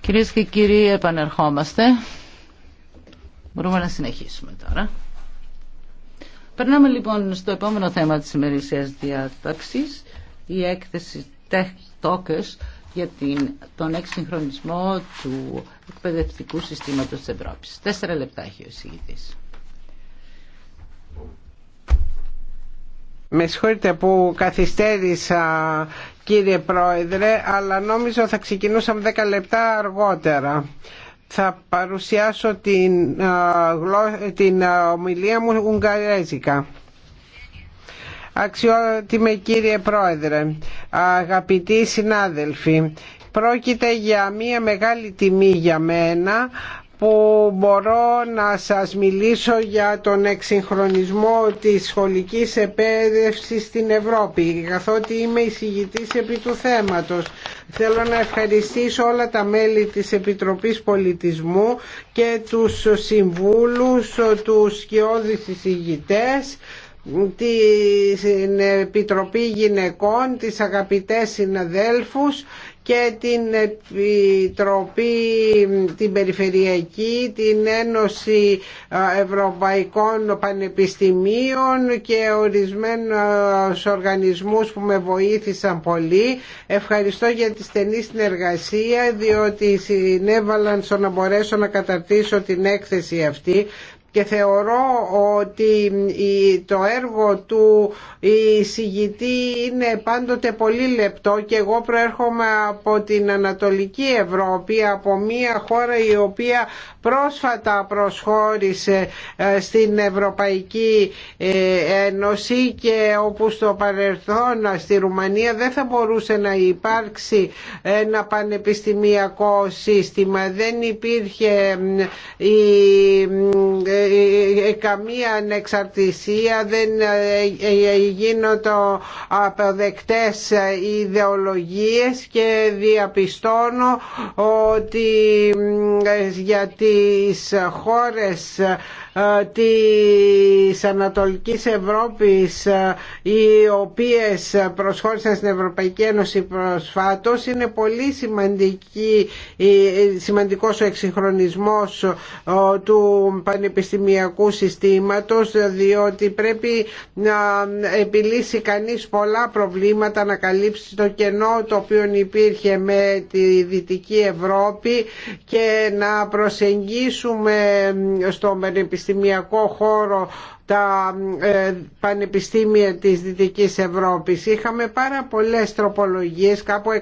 Κυρίες και κύριοι, επανερχόμαστε. Μπορούμε να συνεχίσουμε τώρα. Περνάμε λοιπόν στο επόμενο θέμα της ημερησίας διάταξης, η έκθεση Tech Talkers για τον εξυγχρονισμό του εκπαιδευτικού συστήματος της Ευρώπης. Τέσσερα λεπτά έχει ο εισηγητής. Με συγχωρείτε που καθυστέρησα κύριε Πρόεδρε, αλλά νόμιζα θα ξεκινούσαμε 10 λεπτά αργότερα. Θα παρουσιάσω την, την ομιλία μου ουγγαρέζικα. Αξιότιμε κύριε Πρόεδρε, αγαπητοί συνάδελφοι, πρόκειται για μια μεγάλη τιμή για μένα που μπορώ να σας μιλήσω για τον εξυγχρονισμό της σχολικής επέδευσης στην Ευρώπη καθότι είμαι εισηγητής επί του θέματος. Θέλω να ευχαριστήσω όλα τα μέλη της Επιτροπής Πολιτισμού και τους συμβούλους, τους σκιώδης εισηγητές την Επιτροπή Γυναικών, τις αγαπητές συναδέλφους και την Επιτροπή την Περιφερειακή, την Ένωση Ευρωπαϊκών Πανεπιστημίων και ορισμένους οργανισμούς που με βοήθησαν πολύ. Ευχαριστώ για τη στενή συνεργασία διότι συνέβαλαν στο να μπορέσω να καταρτήσω την έκθεση αυτή και θεωρώ ότι το έργο του η συγητή είναι πάντοτε πολύ λεπτό και εγώ προέρχομαι από την Ανατολική Ευρώπη από μια χώρα η οποία πρόσφατα προσχώρησε ε, στην Ευρωπαϊκή ε, Ένωση και όπου στο παρελθόν ε, στη Ρουμανία δεν θα μπορούσε να υπάρξει ένα πανεπιστημιακό σύστημα. Δεν υπήρχε η, καμία ανεξαρτησία, δεν γίνονται αποδεκτές ιδεολογίες και διαπιστώνω ότι γιατί τις χώρες ε, της Ανατολικής Ευρώπης ε, οι οποίες προσχώρησαν στην Ευρωπαϊκή Ένωση προσφάτως είναι πολύ σημαντική, σημαντικός ο εξυγχρονισμός ε, του πανεπιστημιακού συστήματος διότι πρέπει να επιλύσει κανείς πολλά προβλήματα να καλύψει το κενό το οποίο υπήρχε με τη Δυτική Ευρώπη και να προσεγγίσουμε στο πανεπιστημιακό πανεπιστημιακό χώρο τα ε, πανεπιστήμια της Δυτικής Ευρώπης. Είχαμε πάρα πολλές τροπολογίες, κάπου 190,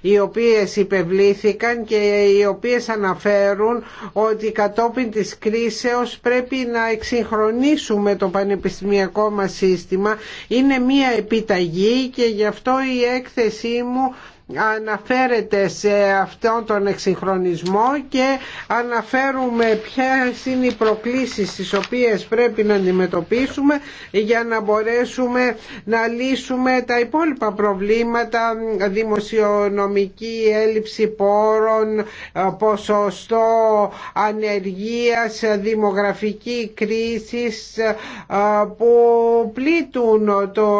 οι οποίες υπευλήθηκαν και οι οποίες αναφέρουν ότι κατόπιν της κρίσεως πρέπει να εξυγχρονίσουμε το πανεπιστημιακό μας σύστημα. Είναι μία επιταγή και γι' αυτό η έκθεσή μου αναφέρεται σε αυτόν τον εξυγχρονισμό και αναφέρουμε ποιες είναι οι προκλήσεις τις οποίες πρέπει να αντιμετωπίσουμε για να μπορέσουμε να λύσουμε τα υπόλοιπα προβλήματα δημοσιονομική έλλειψη πόρων, ποσοστό ανεργίας, δημογραφική κρίση που πλήττουν το,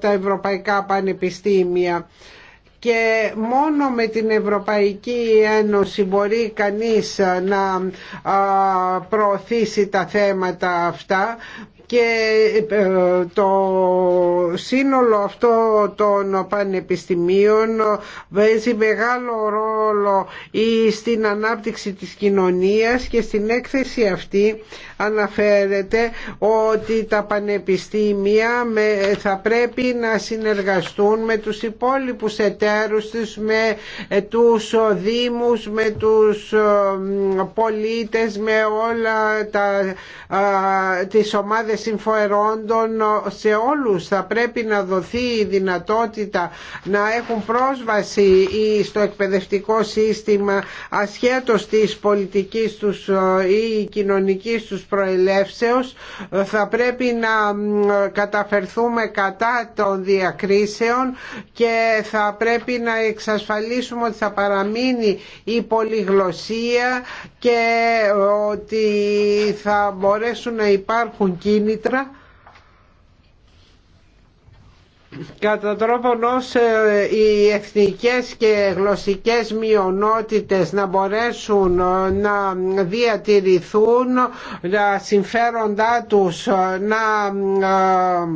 τα ευρωπαϊκά πανεπιστήμια και μόνο με την Ευρωπαϊκή Ένωση μπορεί κανείς να προωθήσει τα θέματα αυτά και ε, το σύνολο αυτό των πανεπιστημίων παίζει μεγάλο ρόλο στην ανάπτυξη της κοινωνίας και στην έκθεση αυτή αναφέρεται ότι τα πανεπιστήμια θα πρέπει να συνεργαστούν με τους υπόλοιπους εταίρους τους, με ε, τους δήμους, με τους ε, πολίτες, με όλα τα, τις ομάδες συμφοερώντων σε όλους. Θα πρέπει να δοθεί η δυνατότητα να έχουν πρόσβαση στο εκπαιδευτικό σύστημα ασχέτως της πολιτικής τους ή κοινωνικής τους προελεύσεως. Θα πρέπει να καταφερθούμε κατά των διακρίσεων και θα πρέπει να εξασφαλίσουμε ότι θα παραμείνει η πολυγλωσία και ότι θα μπορέσουν να υπάρχουν κοινωνικές κατά τρόπον ώστε οι εθνικές και γλωσσικές μειονότητες να μπορέσουν να διατηρηθούν, τα συμφέροντά τους να ε,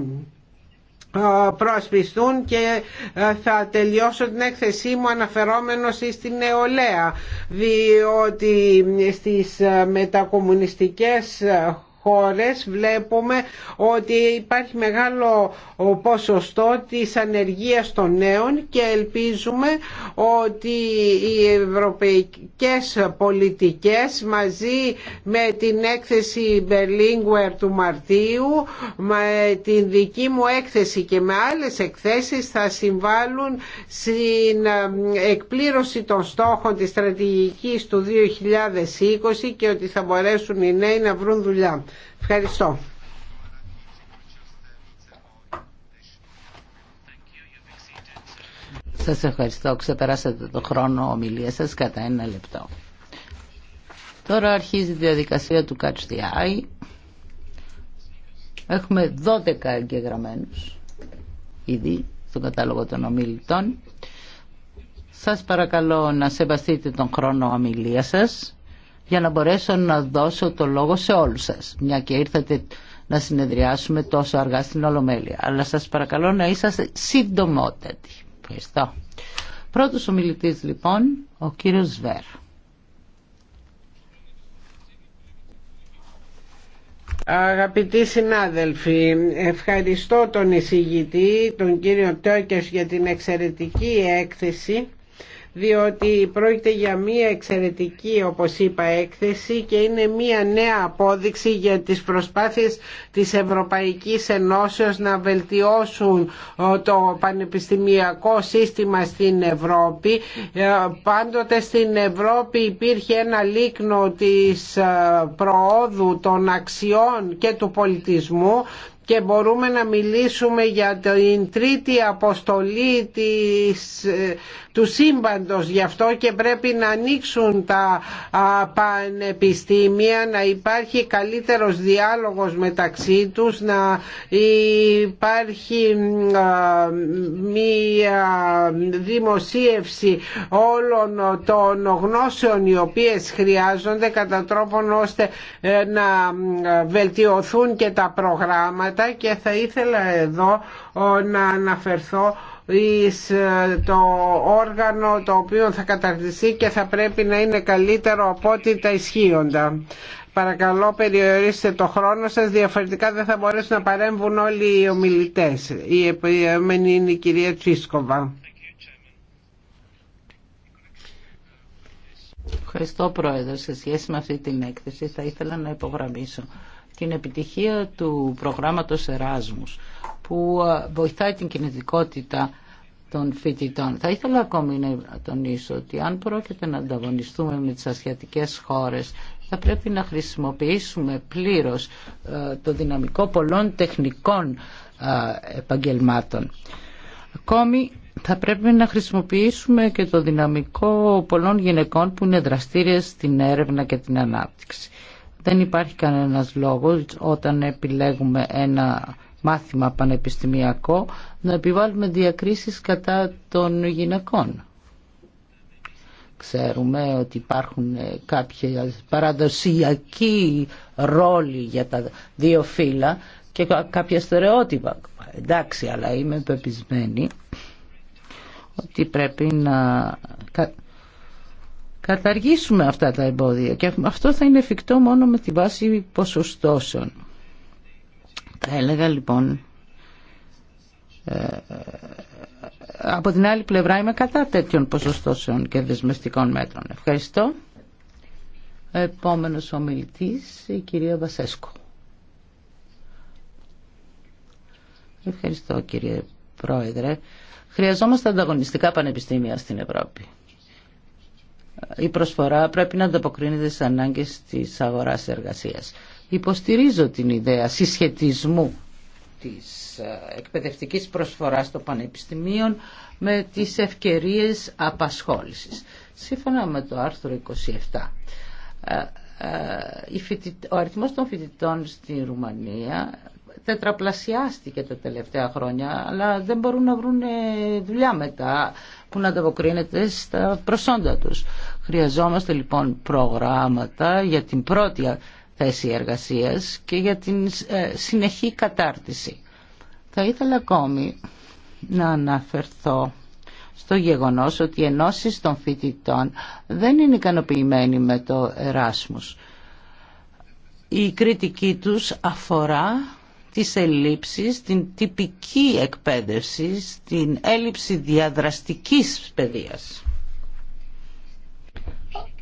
ε, προσπιστούν και ε, θα τελειώσω την έκθεσή μου αναφερόμενος στην νεολαία διότι στις μετακομμουνιστικές χώρες βλέπουμε ότι υπάρχει μεγάλο ποσοστό της ανεργίας των νέων και ελπίζουμε ότι οι ευρωπαϊκές πολιτικές μαζί με την έκθεση Berlinguer του Μαρτίου με την δική μου έκθεση και με άλλες εκθέσεις θα συμβάλλουν στην ε, εκπλήρωση των στόχων της στρατηγικής του 2020 και ότι θα μπορέσουν οι νέοι να βρουν δουλειά. Ευχαριστώ. Σας ευχαριστώ. Ξεπεράσατε το χρόνο ομιλία σας κατά ένα λεπτό. Τώρα αρχίζει η διαδικασία του Catch the Eye. Έχουμε 12 εγγεγραμμένους ήδη στον κατάλογο των ομιλητών. Σας παρακαλώ να σεβαστείτε τον χρόνο ομιλία σας για να μπορέσω να δώσω το λόγο σε όλους σας, μια και ήρθατε να συνεδριάσουμε τόσο αργά στην Ολομέλεια. Αλλά σας παρακαλώ να είσαστε συντομότατοι. Ευχαριστώ. Πρώτος ομιλητής λοιπόν, ο κύριος Βέρ. Αγαπητοί συνάδελφοι, ευχαριστώ τον εισηγητή, τον κύριο Τόκες για την εξαιρετική έκθεση διότι πρόκειται για μία εξαιρετική όπως είπα έκθεση και είναι μία νέα απόδειξη για τις προσπάθειες της Ευρωπαϊκής Ενώσεως να βελτιώσουν ε, το πανεπιστημιακό σύστημα στην Ευρώπη. Ε, πάντοτε στην Ευρώπη υπήρχε ένα λίκνο της ε, προόδου των αξιών και του πολιτισμού και μπορούμε να μιλήσουμε για την τρίτη αποστολή της, ε, του σύμπαντος γι' αυτό και πρέπει να ανοίξουν τα πανεπιστήμια να υπάρχει καλύτερος διάλογος μεταξύ τους να υπάρχει μία δημοσίευση όλων των γνώσεων οι οποίες χρειάζονται κατά τρόπον ώστε ε, να βελτιωθούν και τα προγράμματα και θα ήθελα εδώ να αναφερθώ εις ε, το όργανο το οποίο θα καταρτιστεί και θα πρέπει να είναι καλύτερο από ό,τι τα ισχύοντα. Παρακαλώ περιορίστε το χρόνο σας, διαφορετικά δεν θα μπορέσουν να παρέμβουν όλοι οι ομιλητές. Η επόμενη είναι η κυρία Τσίσκοβα. Ευχαριστώ Πρόεδρε. Σε σχέση με αυτή την έκθεση θα ήθελα να υπογραμμίσω την επιτυχία του προγράμματος Εράσμους που ε, βοηθάει την κινητικότητα των φοιτητών. Θα ήθελα ακόμη να τονίσω ότι αν πρόκειται να ανταγωνιστούμε με τις ασιατικές χώρες θα πρέπει να χρησιμοποιήσουμε πλήρως ε, το δυναμικό πολλών τεχνικών ε, επαγγελμάτων. Ακόμη θα πρέπει να χρησιμοποιήσουμε και το δυναμικό πολλών γυναικών που είναι δραστήριες στην έρευνα και την ανάπτυξη. Δεν υπάρχει κανένας λόγος όταν επιλέγουμε ένα μάθημα πανεπιστημιακό να επιβάλλουμε διακρίσεις κατά των γυναικών. Ξέρουμε ότι υπάρχουν ε, κάποια παραδοσιακοί ρόλοι για τα δύο φύλλα και κάποια στερεότυπα. Εντάξει, αλλά είμαι πεπισμένη ότι πρέπει να καταργήσουμε αυτά τα εμπόδια και αυτό θα είναι εφικτό μόνο με τη βάση ποσοστώσεων. Τα έλεγα λοιπόν ε, από την άλλη πλευρά είμαι κατά τέτοιων ποσοστώσεων και δεσμευτικών μέτρων. Ευχαριστώ. Επόμενος ομιλητής, η κυρία Βασέσκο. Ευχαριστώ κύριε Πρόεδρε. Χρειαζόμαστε ανταγωνιστικά πανεπιστήμια στην Ευρώπη η προσφορά πρέπει να ανταποκρίνεται στις ανάγκες της αγοράς εργασίας. Υποστηρίζω την ιδέα συσχετισμού της ε, εκπαιδευτικής προσφοράς των πανεπιστημίων με τις ευκαιρίες απασχόλησης. Σύμφωνα με το άρθρο 27, ε, ε, ο αριθμός των φοιτητών στην Ρουμανία τετραπλασιάστηκε τα τελευταία χρόνια, αλλά δεν μπορούν να βρουν δουλειά μετά που να ανταποκρίνεται στα προσόντα τους. Χρειαζόμαστε λοιπόν προγράμματα για την πρώτη θέση εργασίας και για την ε, συνεχή κατάρτιση. Θα ήθελα ακόμη να αναφερθώ στο γεγονός ότι οι ενώσεις των φοιτητών δεν είναι ικανοποιημένοι με το Εράσμους. Η κριτική τους αφορά τις ελλείψεις, την τυπική εκπαίδευση, την έλλειψη διαδραστικής παιδείας.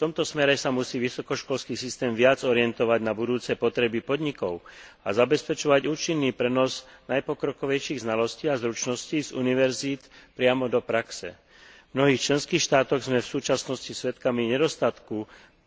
tomto smere sa musí vysokoškolský systém viac orientovať na budúce potreby podnikov a zabezpečovať účinný prenos najpokrokovejších znalostí a zručností z univerzít priamo do praxe. v mnohých členských štátoch sme v súčasnosti svedkami nedostatku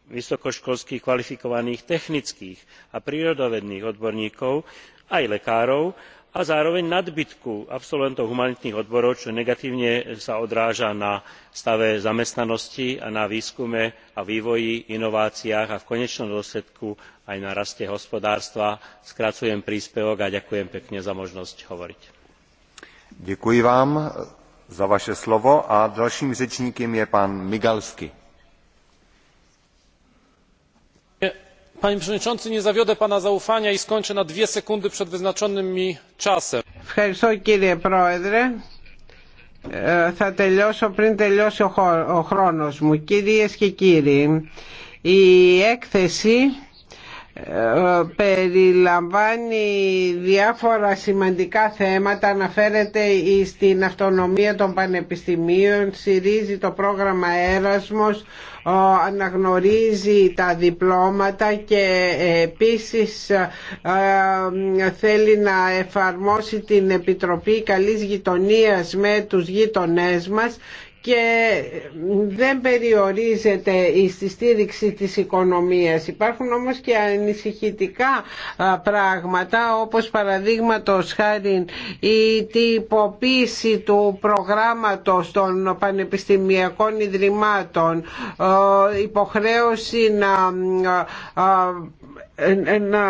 vysokoškolských kvalifikovaných technických a prírodovedných odborníkov aj lekárov a zároveň nadbytku absolventov humanitných odborov čo negatívne sa odráža na stave zamestnanosti a na výskume a vývoji inováciách a v konečnom dôsledku aj na raste hospodárstva. skracujem príspevok a ďakujem pekne za možnosť hovoriť. Děkuji vám za vaše slovo a ďalším rečníkom je pán migalski. Panie Przewodniczący, nie zawiodę Pana zaufania i skończę na dwie sekundy przed wyznaczonym mi czasem. θα τελειώσω πριν τελειώσει ο, ο χρόνος μου. Κυρίες και κύριοι, η έκθεση ε, περιλαμβάνει διάφορα σημαντικά θέματα αναφέρεται στην αυτονομία των πανεπιστημίων συρίζει το πρόγραμμα Έρασμος αναγνωρίζει τα διπλώματα και ε, επίσης ε, θέλει να εφαρμόσει την Επιτροπή Καλής Γειτονίας με τους γείτονές μας και δεν περιορίζεται στη στήριξη της οικονομίας. Υπάρχουν όμως και ανησυχητικά πράγματα όπως παραδείγματο χάρη η τυποποίηση του προγράμματος των πανεπιστημιακών ιδρυμάτων, υποχρέωση να, ε, να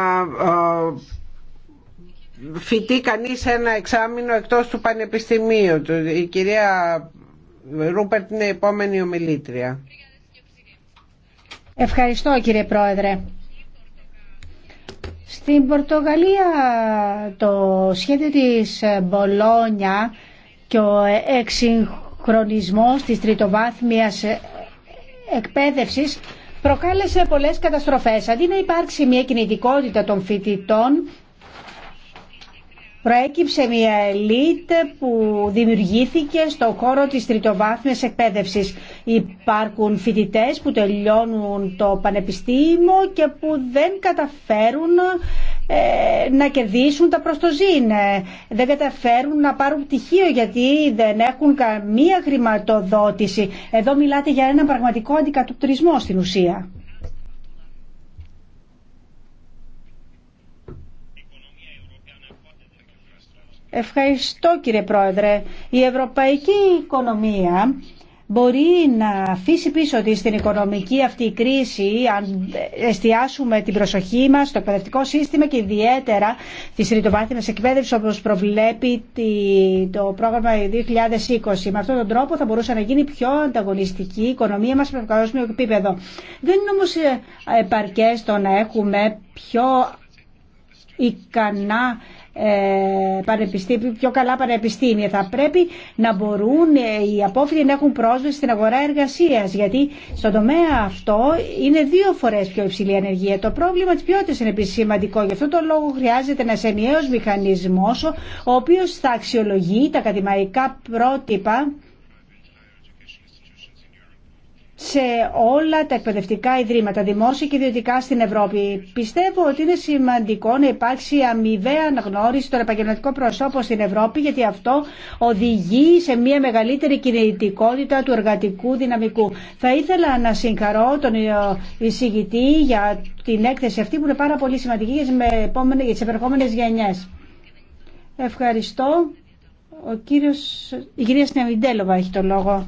φοιτεί κανείς ένα εξάμεινο εκτός του πανεπιστημίου του. Η κυρία Ρούπερτ είναι η επόμενη ομιλήτρια. Ευχαριστώ κύριε Πρόεδρε. Στην Πορτογαλία το σχέδιο της Μπολόνια και ο εξυγχρονισμός της τριτοβάθμιας εκπαίδευσης προκάλεσε πολλές καταστροφές. Αντί να υπάρξει μια κινητικότητα των φοιτητών, προέκυψε μια ελίτ που δημιουργήθηκε στο χώρο της τριτοβάθμιας εκπαίδευσης. Υπάρχουν φοιτητές που τελειώνουν το πανεπιστήμιο και που δεν καταφέρουν ε, να κερδίσουν τα προστοζήν. Ε, δεν καταφέρουν να πάρουν πτυχίο γιατί δεν έχουν καμία χρηματοδότηση. Εδώ μιλάτε για ένα πραγματικό αντικατοπτρισμό στην ουσία. Ευχαριστώ κύριε Πρόεδρε. Η ευρωπαϊκή οικονομία μπορεί να αφήσει πίσω της την οικονομική αυτή κρίση αν εστιάσουμε την προσοχή μας στο εκπαιδευτικό σύστημα και ιδιαίτερα τη συνειδητοβάθμιση εκπαίδευση όπως προβλέπει το πρόγραμμα 2020. Με αυτόν τον τρόπο θα μπορούσε να γίνει πιο ανταγωνιστική η οικονομία μας σε παγκόσμιο επίπεδο. Δεν είναι όμως ε, επαρκές το να έχουμε πιο ικανά ε, πιο καλά πανεπιστήμια. Θα πρέπει να μπορούν ε, οι απόφοιτοι να έχουν πρόσβαση στην αγορά εργασίας, γιατί στον τομέα αυτό είναι δύο φορές πιο υψηλή η ανεργία. Το πρόβλημα της ποιότητας είναι επίσης σημαντικό. Γι' αυτό το λόγο χρειάζεται ένας ενιαίος μηχανισμός, ο οποίος θα αξιολογεί τα ακαδημαϊκά πρότυπα σε όλα τα εκπαιδευτικά ιδρύματα, δημόσια και ιδιωτικά στην Ευρώπη. Πιστεύω ότι είναι σημαντικό να υπάρξει αμοιβαία αναγνώριση των επαγγελματικών προσώπων στην Ευρώπη, γιατί αυτό οδηγεί σε μια μεγαλύτερη κινητικότητα του εργατικού δυναμικού. Θα ήθελα να συγχαρώ τον ε, εισηγητή για την έκθεση αυτή που είναι πάρα πολύ σημαντική για τι επερχόμενε γενιές. Ευχαριστώ. Ο κύριος, η κυρία Σνεμιντέλοβα έχει το λόγο.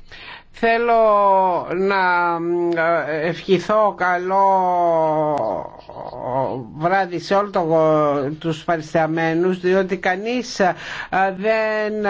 Θέλω να ε, ευχηθώ καλό βράδυ σε όλους το, τους παρισταμένους διότι κανείς ε, δεν,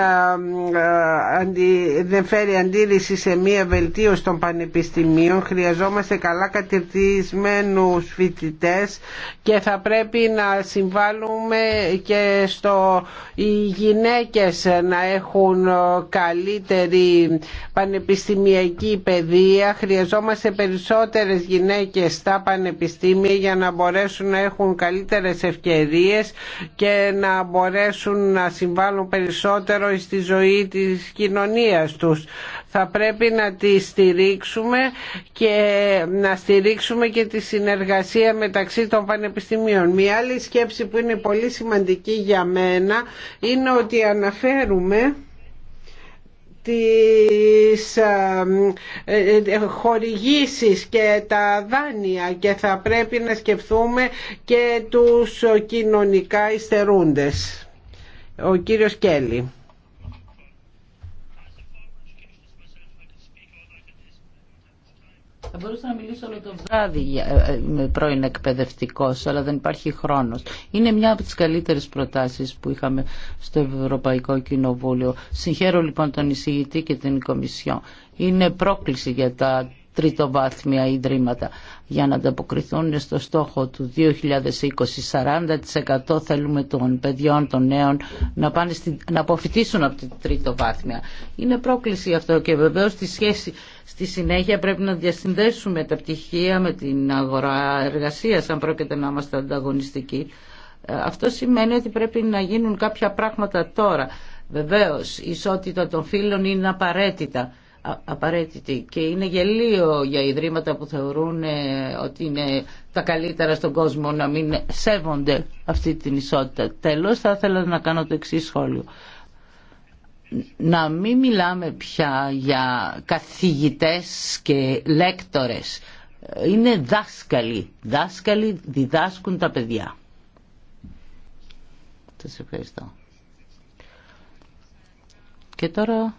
ε, δεν φέρει αντίρρηση σε μία βελτίωση των πανεπιστημίων χρειαζόμαστε καλά κατηρτισμένους φοιτητές και θα πρέπει να συμβάλλουμε και στο οι γυναίκες να έχουν καλύτερη πανεπιστημία πανεπιστημιακή παιδεία, χρειαζόμαστε περισσότερες γυναίκες στα πανεπιστήμια για να μπορέσουν να έχουν καλύτερες ευκαιρίες και να μπορέσουν να συμβάλλουν περισσότερο στη ζωή της κοινωνίας τους. Θα πρέπει να τη στηρίξουμε και να στηρίξουμε και τη συνεργασία μεταξύ των πανεπιστημίων. Μια άλλη σκέψη που είναι πολύ σημαντική για μένα είναι ότι αναφέρουμε τις ε, ε, χορηγήσεις και τα δάνεια και θα πρέπει να σκεφτούμε και τους κοινωνικά υστερούντες. Ο κύριος Κέλλη. Θα μπορούσα να μιλήσω όλο το βράδυ ε, ε, με πρώην εκπαιδευτικό, αλλά δεν υπάρχει χρόνο. Είναι μια από τι καλύτερε προτάσει που είχαμε στο Ευρωπαϊκό Κοινοβούλιο. Συγχαίρω λοιπόν τον εισηγητή και την Κομισιόν. Είναι πρόκληση για τα τριτοβάθμια ιδρύματα για να ανταποκριθούν στο στόχο του 2020 40% θέλουμε των παιδιών, των νέων να, πάνε στην, να αποφυτίσουν από την βάθμια. Είναι πρόκληση αυτό και βεβαίω στη σχέση στη συνέχεια πρέπει να διασυνδέσουμε τα πτυχία με την αγορά εργασία αν πρόκειται να είμαστε ανταγωνιστικοί. Ε, αυτό σημαίνει ότι πρέπει να γίνουν κάποια πράγματα τώρα. Βεβαίως, η ισότητα των φύλων είναι απαραίτητα απαραίτητη και είναι γελίο για ιδρύματα που θεωρούν ε, ότι είναι τα καλύτερα στον κόσμο να μην σέβονται αυτή την ισότητα. Τέλος θα ήθελα να κάνω το εξή σχόλιο. Να μην μιλάμε πια για καθηγητές και λέκτορες. Είναι δάσκαλοι. Δάσκαλοι διδάσκουν τα παιδιά. Σας ευχαριστώ. Και τώρα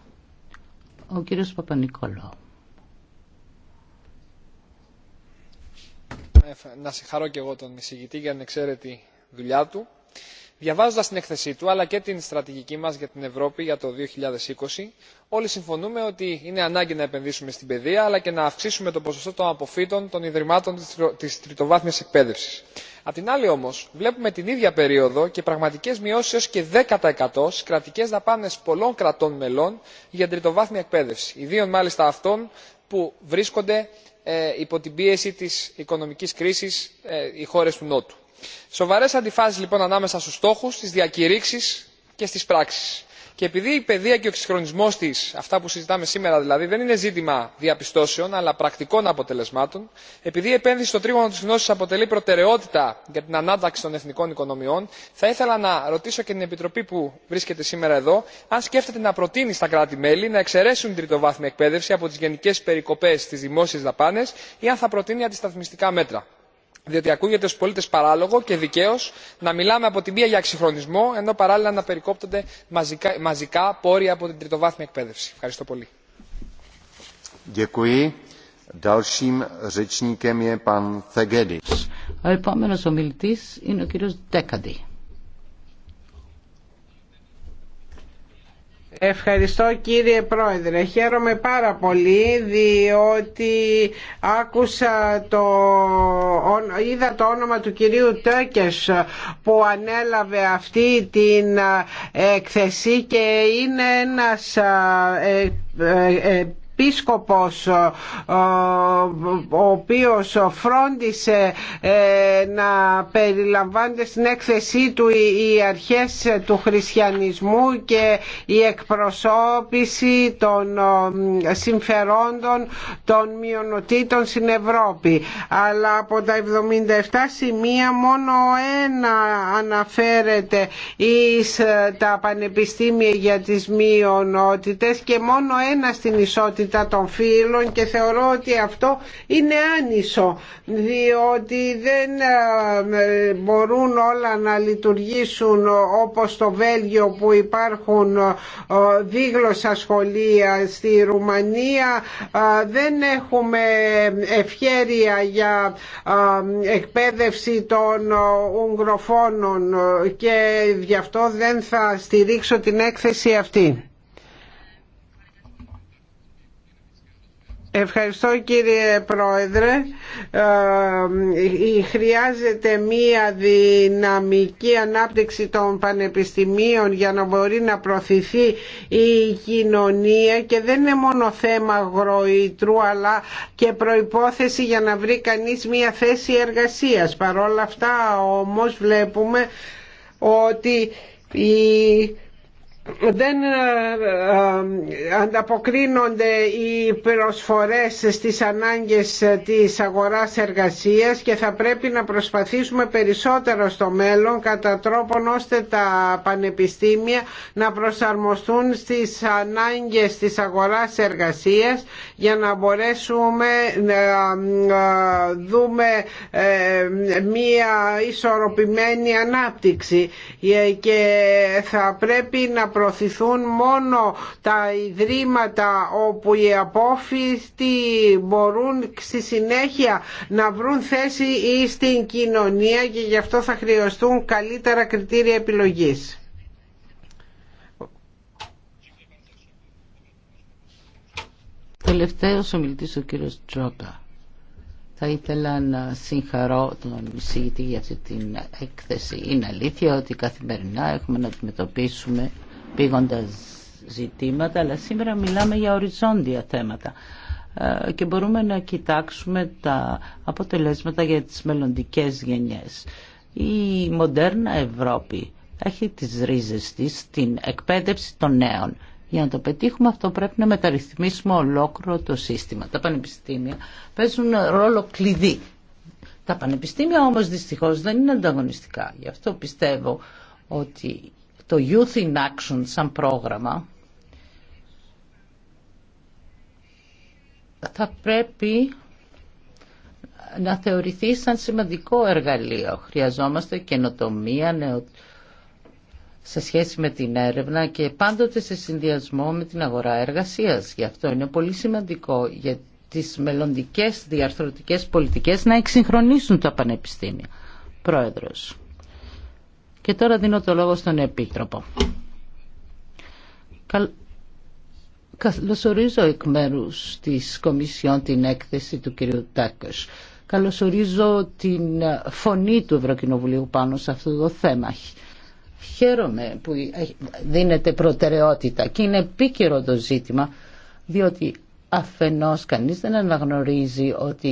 ο κύριος Παπανικολό. Να συγχαρώ και εγώ τον εισηγητή για την εξαίρετη δουλειά του διαβάζοντας την έκθεσή του αλλά και την στρατηγική μας για την ευρώπη για το 2020 όλοι συμφωνούμε ότι είναι ανάγκη να επενδύσουμε στην παιδεία αλλά και να αυξήσουμε το ποσοστό των αποφύτων των ιδρυμάτων της τριτοβάθμιας εκπαίδευσης. Απ' την άλλη όμως βλέπουμε την ίδια περίοδο και πραγματικές μειώσεις έως και 10% στις κρατικές δαπάνες πολλών κρατών μελών για τριτοβάθμια εκπαίδευση, ιδίων μάλιστα αυτών που βρίσκονται ε, υπό την πίεση της οικονομικής κρίσης ε, οι χώρε του Νότου σοβαρέ αντιφάσει λοιπόν ανάμεσα στου στόχου στι διακηρύξει και στι πράξει. και επειδή η παιδεία και ο εξυγχρονισμό τη αυτά που συζητάμε σήμερα δηλαδή δεν είναι ζήτημα διαπιστώσεων αλλά πρακτικών αποτελεσμάτων επειδή η επένδυση στο τρίγωνο τη γνώση αποτελεί προτεραιότητα για την ανάταξη των εθνικών οικονομιών θα ήθελα να ρωτήσω και την επιτροπή που βρίσκεται σήμερα εδώ αν σκέφτεται να προτείνει στα κράτη μέλη να εξαιρέσουν την τριτοβάθμια εκπαίδευση από τι γενικέ περικοπέ στι δημόσιε δαπάνε ή αν θα προτείνει αντισταθμιστικά μέτρα διότι ακούγεται στου πολίτε παράλογο και δικαίω να μιλάμε από τη μία για εξυγχρονισμό ενώ παράλληλα να περικόπτονται μαζικά πόροι από την τριτοβάθμια εκπαίδευση. Ευχαριστώ πολύ. Ευχαριστώ κύριε Πρόεδρε. Χαίρομαι πάρα πολύ διότι άκουσα το, είδα το όνομα του κυρίου Τέκες που ανέλαβε αυτή την ε, εκθεσή και είναι ένας ε, ε, επίσκοπος ε, ο οποίος φρόντισε ε, να περιλαμβάνεται στην έκθεσή του οι αρχές του χριστιανισμού και η εκπροσώπηση των ε, συμφερόντων των μειονοτήτων στην Ευρώπη. Αλλά από τα 77 σημεία μόνο ένα αναφέρεται εις τα πανεπιστήμια για τις μειονότητες και μόνο ένα στην ισότητα των και θεωρώ ότι αυτό είναι άνισο διότι δεν ε, μπορούν όλα να λειτουργήσουν όπως το Βέλγιο που υπάρχουν ε, δίγλωσσα σχολεία στη Ρουμανία ε, δεν έχουμε ευχέρεια για εκπαίδευση των Ουγγροφόνων και γι' αυτό δεν θα στηρίξω την έκθεση αυτή. Ευχαριστώ κύριε Πρόεδρε. Ε, ε, χρειάζεται μία δυναμική ανάπτυξη των πανεπιστημίων για να μπορεί να προωθηθεί η κοινωνία και δεν είναι μόνο θέμα γροήτρου, αλλά και προϋπόθεση για να βρει κανείς μία θέση εργασίας. Παρόλα αυτά όμως βλέπουμε ότι η δεν ε, ε, ανταποκρίνονται οι προσφορές στις ανάγκες της αγοράς εργασίας και θα πρέπει να προσπαθήσουμε περισσότερο στο μέλλον κατά τρόπον ώστε τα πανεπιστήμια να προσαρμοστούν στις ανάγκες της αγοράς εργασίας για να μπορέσουμε να ε, δούμε μία ισορροπημένη ανάπτυξη και θα πρέπει να προωθηθούν μόνο τα ιδρύματα όπου οι απόφοιτοι μπορούν στη συνέχεια να βρουν θέση ή στην κοινωνία και γι' αυτό θα χρειαστούν καλύτερα κριτήρια επιλογής. Τελευταίος ομιλητής ο κύριος Τζόκα. Θα ήθελα να συγχαρώ τον εισηγητή για αυτή την έκθεση. Είναι αλήθεια ότι καθημερινά έχουμε να αντιμετωπίσουμε πήγοντα ζητήματα, αλλά σήμερα μιλάμε για οριζόντια θέματα ε, και μπορούμε να κοιτάξουμε τα αποτελέσματα για τις μελλοντικές γενιές. Η μοντέρνα Ευρώπη έχει τις ρίζες της στην εκπαίδευση των νέων. Για να το πετύχουμε αυτό πρέπει να μεταρρυθμίσουμε ολόκληρο το σύστημα. Τα πανεπιστήμια παίζουν ρόλο κλειδί. Τα πανεπιστήμια όμως δυστυχώς δεν είναι ανταγωνιστικά. Γι' αυτό πιστεύω ότι το Youth in Action σαν πρόγραμμα θα πρέπει να θεωρηθεί σαν σημαντικό εργαλείο. Χρειαζόμαστε καινοτομία σε σχέση με την έρευνα και πάντοτε σε συνδυασμό με την αγορά εργασίας. Γι' αυτό είναι πολύ σημαντικό για τις μελλοντικές διαρθρωτικές πολιτικές να εξυγχρονίσουν τα πανεπιστήμια. Πρόεδρος. Και τώρα δίνω το λόγο στον Επίτροπο. Καλ... Καλωσορίζω εκ μέρου της Κομισιόν την έκθεση του κ. Τάκο. Καλωσορίζω την φωνή του Ευρωκοινοβουλίου πάνω σε αυτό το θέμα. Χαίρομαι που δίνεται προτεραιότητα και είναι επίκαιρο το ζήτημα διότι αφενός κανείς δεν αναγνωρίζει ότι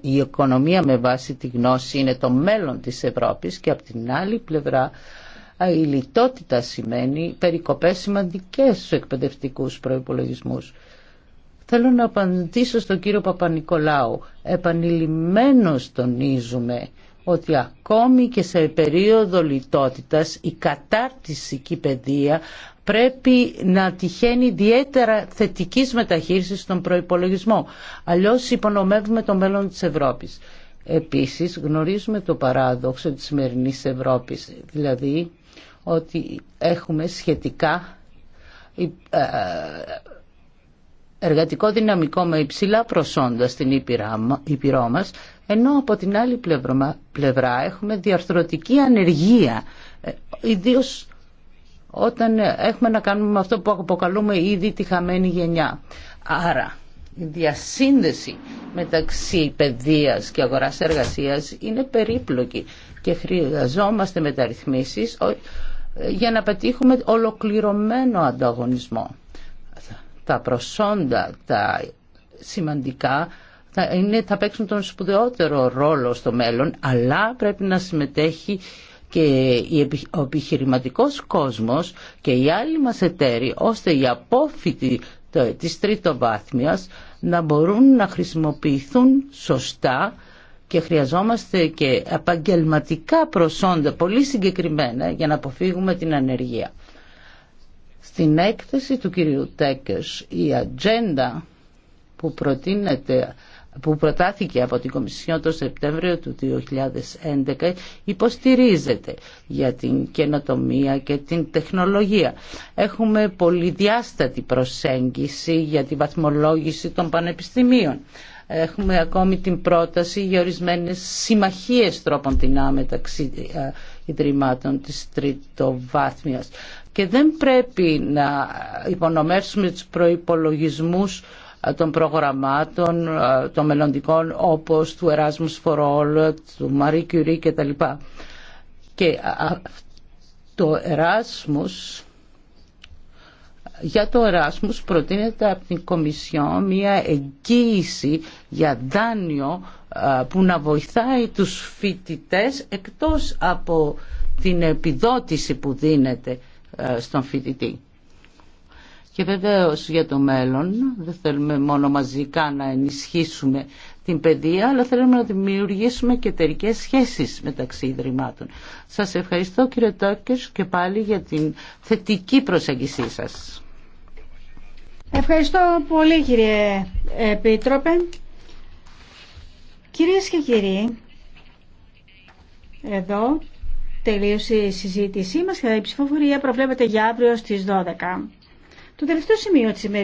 η οικονομία με βάση τη γνώση είναι το μέλλον της Ευρώπης και από την άλλη πλευρά η λιτότητα σημαίνει περικοπές σημαντικές στους εκπαιδευτικούς προϋπολογισμούς. Θέλω να απαντήσω στον κύριο Παπα-Νικολάου. Επανειλημμένως τονίζουμε ότι ακόμη και σε περίοδο λιτότητας η κατάρτιση παιδεία πρέπει να τυχαίνει ιδιαίτερα θετικής μεταχείρισης στον προϋπολογισμό. Αλλιώς υπονομεύουμε το μέλλον της Ευρώπης. Επίσης γνωρίζουμε το παράδοξο της σημερινή Ευρώπης, δηλαδή ότι έχουμε σχετικά ε, εργατικό δυναμικό με υψηλά προσόντα στην Ήπειρό μας, ενώ από την άλλη πλευρά έχουμε διαρθρωτική ανεργία, ε, ιδίως όταν έχουμε να κάνουμε με αυτό που αποκαλούμε ήδη τη χαμένη γενιά. Άρα, η διασύνδεση μεταξύ παιδείας και αγοράς εργασίας είναι περίπλοκη και χρειαζόμαστε μεταρρυθμίσεις ε, για να πετύχουμε ολοκληρωμένο ανταγωνισμό τα προσόντα, τα σημαντικά, θα, είναι, θα παίξουν τον σπουδαιότερο ρόλο στο μέλλον, αλλά πρέπει να συμμετέχει και ο επιχειρηματικός κόσμος και οι άλλοι μας εταίροι, ώστε οι απόφοιτοι της βάθμιας να μπορούν να χρησιμοποιηθούν σωστά και χρειαζόμαστε και επαγγελματικά προσόντα πολύ συγκεκριμένα για να αποφύγουμε την ανεργία. Στην έκθεση του κυρίου Τέκες η ατζέντα που που προτάθηκε από την Κομισιόν το Σεπτέμβριο του 2011 υποστηρίζεται για την καινοτομία και την τεχνολογία. Έχουμε πολυδιάστατη προσέγγιση για τη βαθμολόγηση των πανεπιστημίων. Έχουμε ακόμη την πρόταση για ορισμένες συμμαχίες τρόπων την άμεταξη ε, Ιδρυμάτων της τριτοβάθμιας και δεν πρέπει να υπονομεύσουμε τους προϋπολογισμούς των προγραμμάτων των μελλοντικών όπως του Erasmus for All, του Marie Curie κτλ. Και το Erasmus για το Erasmus προτείνεται από την Κομισιόν μια εγγύηση για δάνειο που να βοηθάει τους φοιτητές εκτός από την επιδότηση που δίνεται. Ε, στον φοιτητή. Και βεβαίως για το μέλλον δεν θέλουμε μόνο μαζικά να ενισχύσουμε την παιδεία, αλλά θέλουμε να δημιουργήσουμε και εταιρικέ σχέσεις μεταξύ ιδρυμάτων. Σας ευχαριστώ κύριε Τόκερς και πάλι για την θετική προσέγγισή σας. Ευχαριστώ πολύ κύριε Επίτροπε. Κυρίες και κύριοι, εδώ τελείωσε η συζήτησή μας και η ψηφοφορία προβλέπεται για αύριο στις 12. Το τελευταίο σημείο της